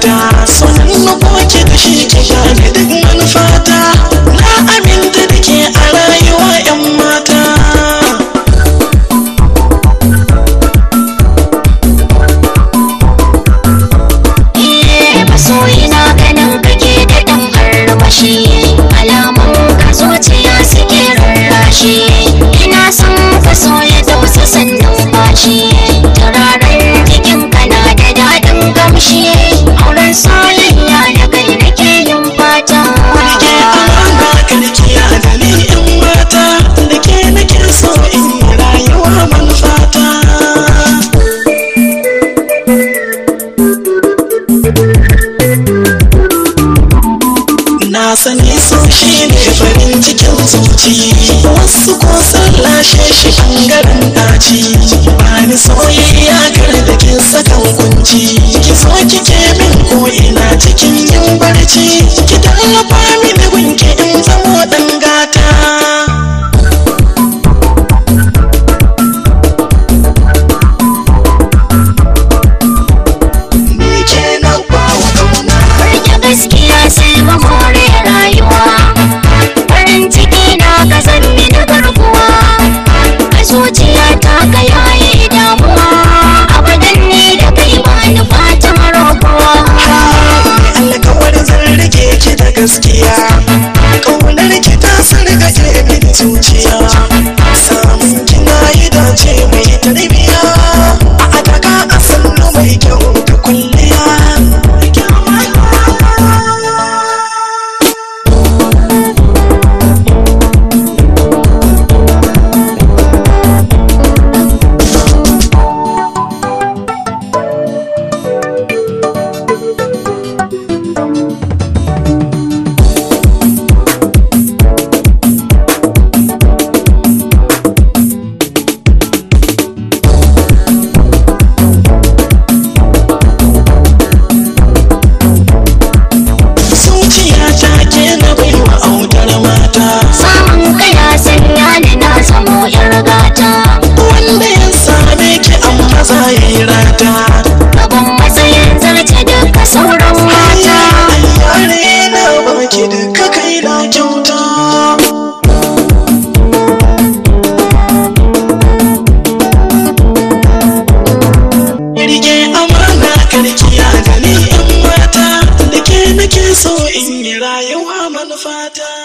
ta sannu ko ki shi. ki sani su shi ne farin cikin zuci wasu ko sun lashe shi daji. daci bani soyayya kar da ke sakan kunci ki so kike min ko ina cikin yin barci ki tallafa mini gunki in zamo dan gaskiya kaunar ki ta sarga ke mini zuciya die.